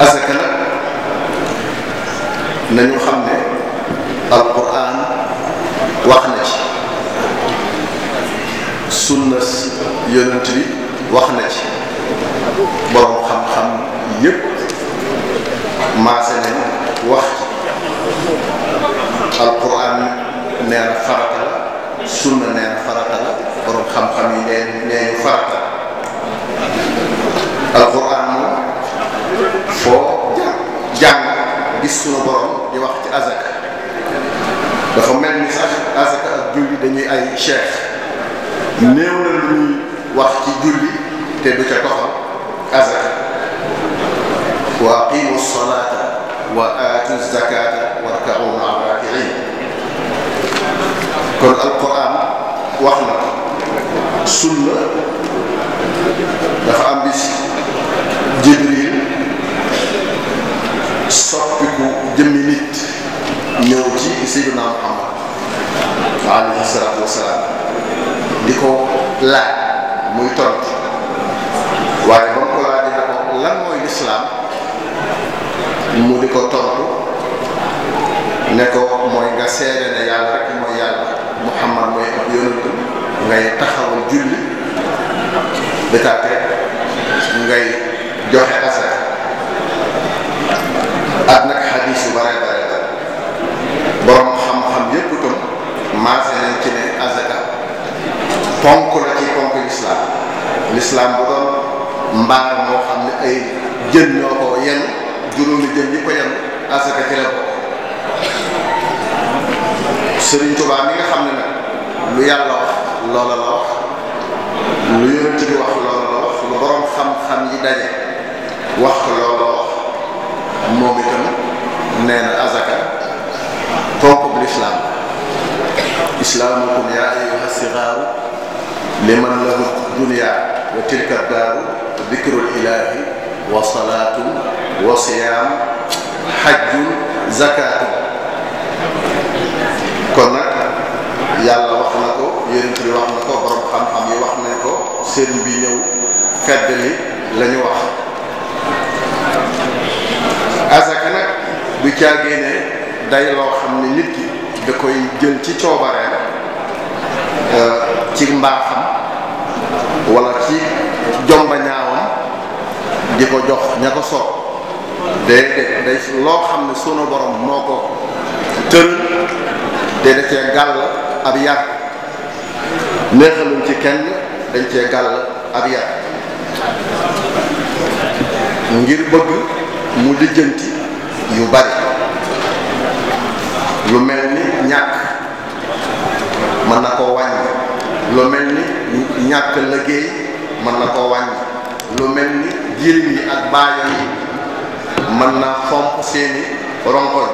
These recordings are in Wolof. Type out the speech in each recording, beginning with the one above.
asaka nag nañu xam ne alquran wax na ci sunna yonent bi wax na ci borom xam-xam yépp maase nañ wax ci alquran nee farata la sunna nee farata la borom xam-xam yi nee nee farata alquran gis sunu borom di wax ci azak dafa mel ni sax azak ak julli dañuy ay cheikh néew na lu ñuy wax ci julli te du ca toxal azak wa aqimu salata wa aatu zakata warkau maa raakiin kon alquran wax na ko sunna dafa am bis jibril soppiku jëmmi nit ñëw ci Seydina Muhammad ko waaye ba ko laajee ne ko lan mooy lislaam mu di ko tontu ne ko mooy nga seede ne yàlla rek mooy yàlla Muhammad mooy ab yonent ngay taxawal julli ponk la ci ponk lislaam lislaam bu doon mbaar moo xam ne ay jën ñoo ko yenn juróomi jën ñi ko yenn asaka ci la bokk Sëriñ Tuubaa mi nga xam ne nag lu yàlla wax loola la wax lu yonent bi wax loola la wax lu borom xam-xam yi daje wax loola wax moom itam nee azaka ponk bu lislaam islaamukum yaa ayyuha sigaaru liman lahu dunya wa tilka daaru dikrul ilaahi wa salaatun wa siyaam xajjun zakaatun kon nag yàlla wax na ko yonent bi wax na ko borom xam-xam yi wax nañ ko sëriñ bi ñëw fedd li wax asaka nag du caagee ne day loo xam ne nit ki da koy jël ci coobareem euh, ci mbaaxam wala ci jomba ñaawam di ko jox ña ko soob day day loo xam ne sunu borom moo ko tël te da cee gàll ab yar neexaluñ ci kenn dañ cee gàll ab yar ngir bëgg mu lijjanti yu bari lu mel ni ñàkk mën na koo wàññi lu mel ni ñàkk liggéey mën na koo wàññi lu mel ni jëriñ yi ak baayam yi mën na fomp seeni ronkoñ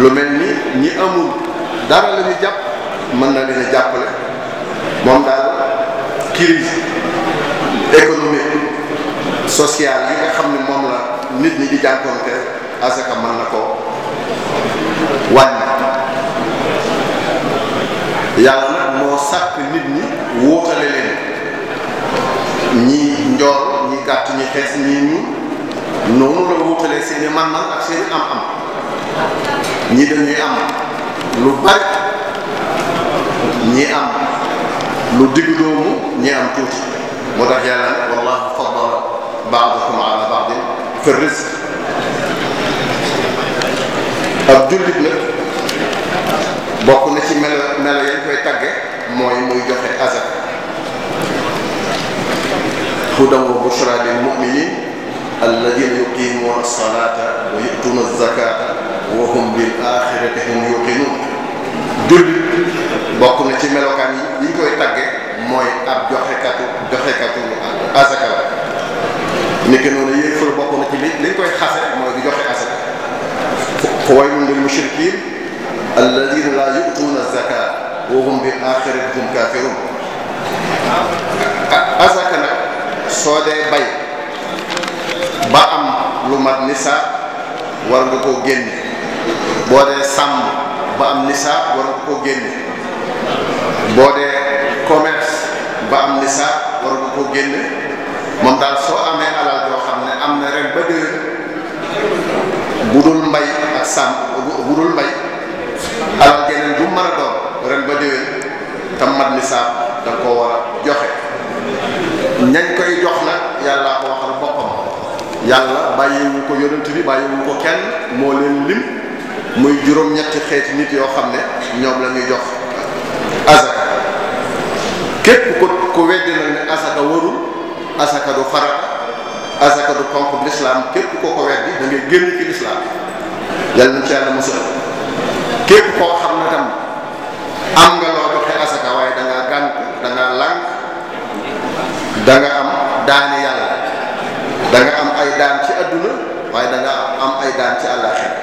lu mel ni ñi amul dara la jàpp mën na leen a jàppale moom daal crise économique sociale yi nga xam ne moom la nit ñi di jànkoonte asaka mën na ko wàññi yàlla moo sàkk nit ñii njool ñi gàtt ñi xees ñii ñuul noonu la wutalee seen i man-man ak seen i am-am ñii dañuy am lu bari ñii am lu diggu doomu ñii am tuuti moo tax yàlla ne wallahu faddala ba'dakum ala ab jullit nag bokk na ci melo melo yañ koy tagge mooy muy joxe azak hudan wa bushra lil mu'minin alladina yuqimuna as-salata wa yu'tuna az-zakata wa hum bil axirati hum yuqinun jullit bokk na ci melokaan yi ñu koy tagge mooy ab joxekatu joxekatu asaka la nekk noonu yéefar bokk na ci li liñ koy xase mooy di joxe asaka waylun lil mushrikin alladina la yu'tuna az-zakata wa hum bil axirati hum kafirun asaka nag soo dee bay ba am lu mat nisaab war nga koo génne boo dee sàmm ba am nisaab war nga koo génne boo dee commerce ba am nisaab war nga koo génne moom daal soo amee alal joo xam ne am na ren ba déwén bu dul mbay ak sàmm bu dul mbay alal geneen bu mën a doon ren ba déwén te mat nisaab da nga war yàllaa ko waxal boppam yàlla bàyyiwu ko yonent bi bàyyiwu ko kenn moo leen lim muy juróom-ñetti xeeti nit yoo xam ne ñoom lañuy ñuy jox asaka képp ku ku weddi na asaka warul asaka du farata asaka du ponk lislaam képp koo ko weddi da génn ci lislaam yàlla nañ ci yàlla musal képp koo xam ne tam am nga loo joxe asaka waaye da ngaa gànk da ngaa am daane da am ay daan ci àdduna waaye da am ay daan ci àllaaxira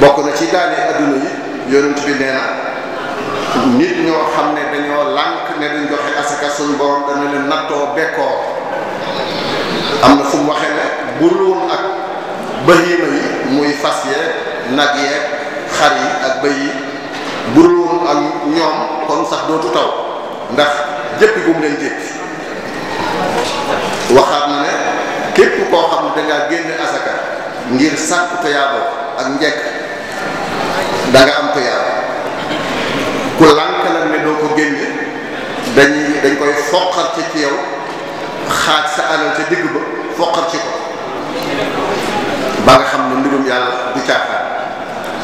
bokk na ci daane àdduna yi yonent bi nee na nit ñoo xam ne dañoo lànk ne duñ joxe asaka suñ borom dana leen nattoo bekkoo am na fu mu waxee ne bu luun ak bahiima yi muy fas yeeg nag yeeg xar yi ak bëy yi bu luun ak ñoom kon sax dootu taw ndax jëppi bu mu leen jëppi képp koo xam ne dangaa génn asaka ngir sàkku toyaabo ak njekk da nga am toyaabo ku lànk nag ne doo ko génne dañ dañ koy foqar ci ci yow xaaj sa alal ca digg ba foqar ci ko ba nga xam ne mbirum yàlla du caaxaan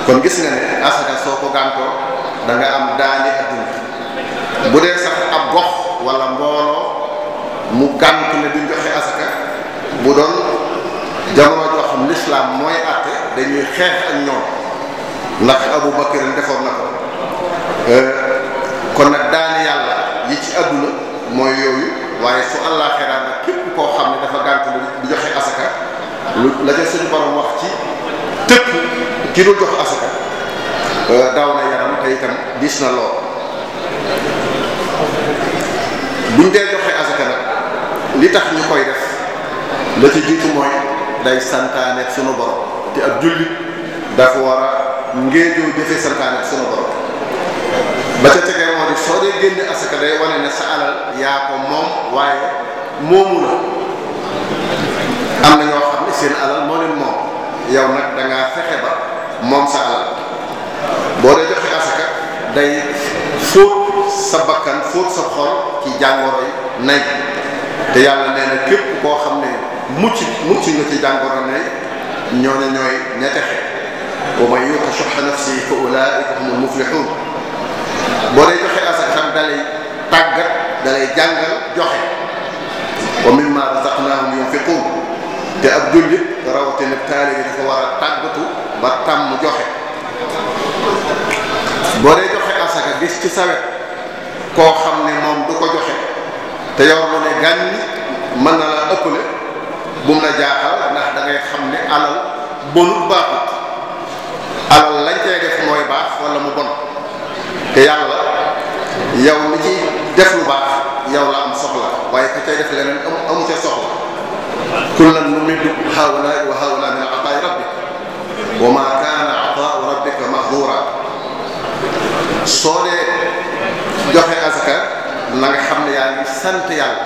kon gis nga ne asaka soo ko gàntoo da nga am daani adduna bu dee sax ab gox wala mbooloo mu gànt ne duñ joxe asaka bu doon jamono joo xam lislaam mooy àtte dañuy xeex ak ñoom ndax Abu Bakar defoon na ko euh, kon nag daani yàlla yi ci àdduna mooy yooyu waaye su àllaaxira nag képp koo xam ne dafa gànt lu joxe asaka lu la ca seen borom wax ci tëpp ki dul jox asaka euh, daw na yaram te itam diis na lool buñ dee joxe asaka nag li tax ñu koy def la ci jiitu mooy day santaane sunu borom te ab jullit dafa war a ngéejoo jëfee santaane sunu borom ba ca tegee moo soo dee génne asaka day wane ne sa alal yaa ko moom waaye moomu la am na ñoo xam ne seen alal moo leen moom yow nag da ngaa fexe ba moom sa alal boo dee joxe asaka day fóot sa bakkan fóot sa xol ci jàngoro yi nay te yàlla nee na képp koo xam ne. mucc mucc nga ci jàngoro ne ñooñu ñooy ña texe wa man yuuqa shuhha nafsihi fa ulaaika humul muflihun boo dee joxe asaka tam dalay tàggat dalay jàngal joxe wa mimma razaqnaahum yunfiquun te ab jullit rawatina taalibe dafa war a tàggatu ba tàmm joxe boo dee joxe asaka gis ci sawet koo xam ne moom du ko joxe te yor mu ne gànni mën na laa ëppale bu la jaaxal ndax da ngay xam ne alal bonut baaxut alal lañ cay mooy baax wala mu bon te yàlla yow mi ci def lu baax yow la am soxla waaye ka cay def leneen amu amu ca soxla kullan numiddu haawulaa wa haawulaa min ataa'i rabbik wa maa kaana ataa'u rabbika mahzuura soo dee joxe azaka na nga xam ne yaa ngi sant yàlla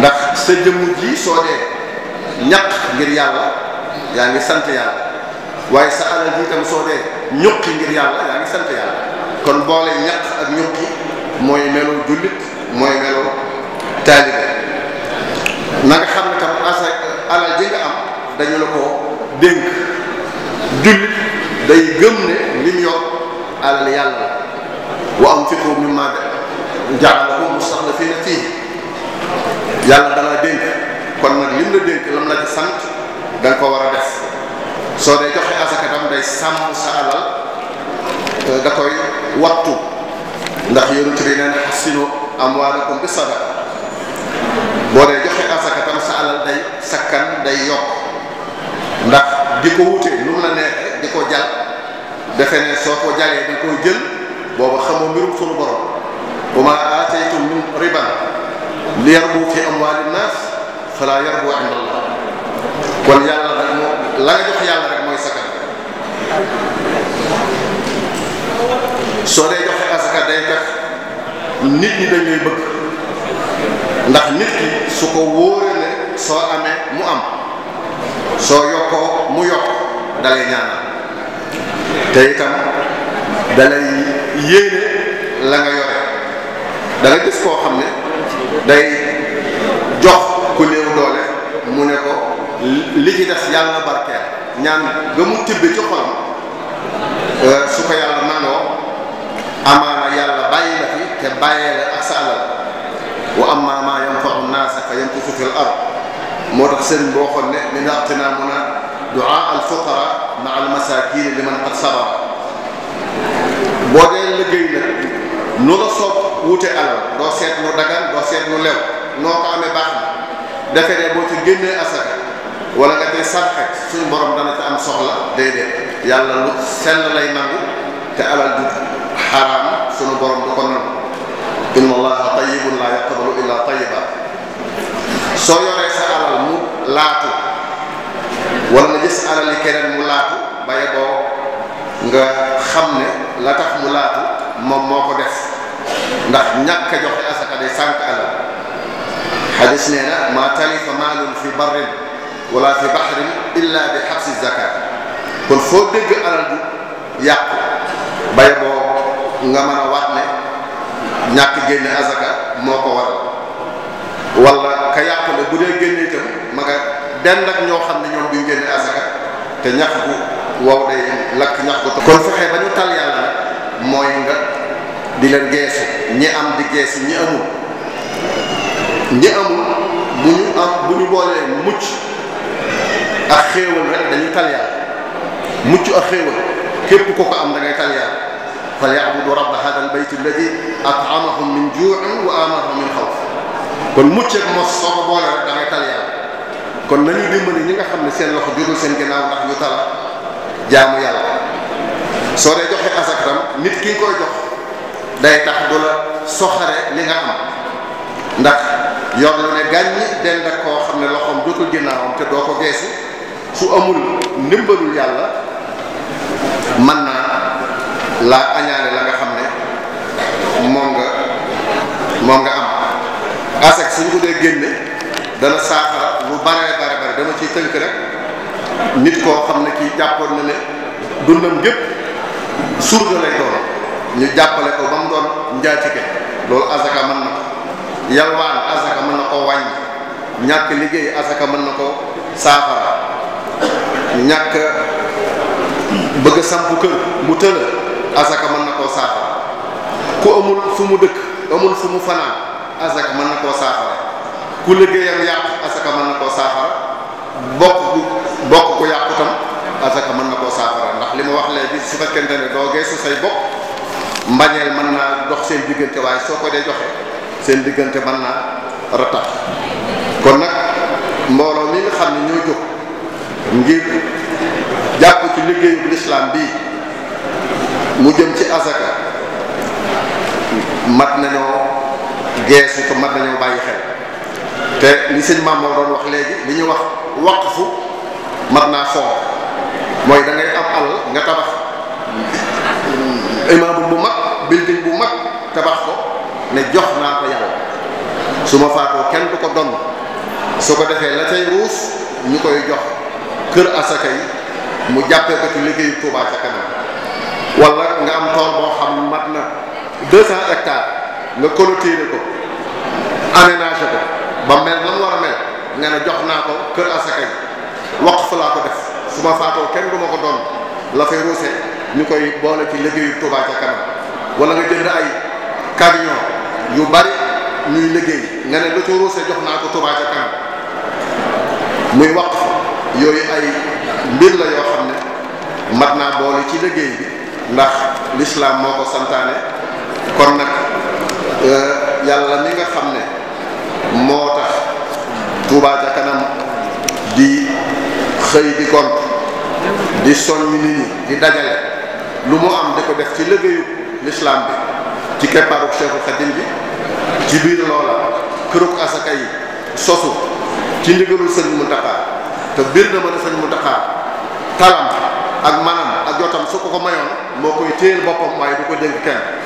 ndax ñaq ngir yàlla yaa ngi sant yàlla waaye sa alal ji itam soo dee ñuqi ngir yàlla yaa ngi sant yàlla kon boole ñaq ak ñuqi mooy melu jullit mooy melu taalibe na nga xam ne tam asa alal ji am dañu la ko dénk jullit day gëm ne li mu yor alal yàlla la wa anfiqu mimma ja'alakum mustaxlafina fiihi yàlla dala dénk la dénk lam la ci sant da nga ko war a def soo dee joxe asaka tam day sàmm sa alal euh, da koy wattu ndax yonent bi nee na ahsinu amwaalakum boo dee joxe asaka tam sa alal day day yokk di ko wute nu mu la neexee di ko jal defe ne soo ko jalee da koy jël booba xamoo mbirum sunu borom wa ma aataytum min riban liyarbu fi amwaali naas fala yarbu inda allah kon yàlla rek moo la nga jox yàlla rek mooy sakka soo dee joxe asaka day tax nit ñi dañuy bëgg ndax nit ki su ko wóoree ne soo amee mu am soo yokkoo mu yokk dalay ñaanal te itam dalay yéene la nga yore da gis koo xam ne day jox ku néew ñaan nga mu tibbe ci xolam euh, su ko yàlla nangoo amaana yàlla bàyyi la fi te bàyyee la ak sa alal wa amma ma yanfa'u naasa fa yamkutu boo xoon ne li nga xam naa a du'a al fuqara ma al masakin liman qad sabar boo dee liggéey nag nu la soob wute alal doo seet lu dagan doo seet lu lew noo ko amee baax na defe boo ci génnee asaka wala nga tey sànq suñu borom dana ca am soxla déedéet yàlla lu sell lay nangu te alal du xaraam suñu borom du nangu inna allaha tayyibun la yaqbalu illa tayyiba soo yoree sa alal mu laatu wala nga gis alal yi keneen mu laatu baye boo nga xam ne la tax mu laatu moom moo ko def ndax ñàkk a joxe asaka day sànq alal xadis nee na ma talifa maalun fi barrin wala fi bahrin illa bi xabsi zakat kon foo dégg alal du yàqu bay boo nga mën a wax ne ñàkk génne azaka moo ko waral wala ka yàqule bu dee génne itam ma nga dend ñoo xam ne ñoom duñ génne azaka te ñax gu wow day lakk ñax gu kon fexe ba ñu tal yàlla nag mooy nga di leen geesu ñi am di geesu ñi amul ñi amul bu ñu am bu ñu boolee mucc ak xéewal rek dañuy tal mucc ak xéewal képp ko ko am da ngay tal yàlla falyabudu rabba hada albayt alladi atamahum min juuin wa amanahum min xawf kon mucc ak mos soo ko boole rek da kon nañuy dimbali ñi nga xam ne seen loxo jotul seen ginnaaw ndax jaamu yàlla soo dee joxe asakram nit ki nga jox day tax du la soxare li nga am ndax yor lu ne gàññi dend koo xam ne loxoom jotul ginnaawam te doo ko geesi su amul ndimbalul yàlla mën naa laa añaane la nga xam ne moom nga moom nga am asak suñ ko dee génne dana saafara lu bare bare bare dama ciy tënk rek nit koo xam ne kii jàppoon na ne dundam gépp surga lay doon ñu jàppale ko ba mu doon njaatike loolu asaka mën na ko yalwaan asaka mën na ko wàññi ñàkk liggéey asaka mën na ko saafara ñàkk bëgg a samp kër mu tëla asaka mën na koo saafara ku amul fu mu dëkk amul fu mu fanaan asaka mën na koo saafara ku liggéeyam yàq asaka mën na koo saafara bokk bu bokk ku yàqu tam asaka mën na koo saafara ndax li ma wax bi su fekkente ne doo geesu say bokk mbañeel mën naa dox seen diggante waaye soo ko dee joxe seen diggante mën naa ratax kon nag mbooloo mi nga xam ne ñoo jóg ngir jàpp ci liggéeyub lislaam bii mu jëm ci azaka mat nañoo geesu ko mat nañoo bàyyi xel te li sëñ maam moo doon wax léegi li ñuy wax waqfu mat naa fonk mooy dangay ngay am alal nga tabax imaam bu mag building bu mag tabax ko ne jox naa ko yàlla su ma faatoo kenn du ko donn su ko defee la cay ruus ñu koy jox kër asaka yi mu jàppee ko ci liggéeyu Touba ca kanam wala nga am tool boo xam mat na 200 hectares nga clôturer ko aménager ko ba mel na mu war a mel nga ne jox naa ko kër asaka yi waqf laa ko def su ma faatoo kenn du ma ko doon la fay ruuse ñu koy boole ci liggéeyu Touba ca kanam wala nga jënd ay camion yu bari ñuy liggéey nga ne lu ci ruuse jox naa ko Touba ca kanam muy waqf yooyu ay mbir la yoo xam ne mat naa boole ci liggéey bi ndax lislaam moo ko santaane kon nag euh, yàlla mi nga xam ne moo tax Touba ca kanam di xëy di kont di soññ nit ñi di dajale lu mu am di ko def ci liggéeyu lislaam bi ci kepparu Cheikhul Khadim bi ci biir loola kërug asaka yi sosu ci ndigalul sëriñ Muntaxa te biir na ma ne sëñ Muntaxa talam ak manam ak jotam su ko ko mayoon moo koy téyel boppam waaye du ko dénk kenn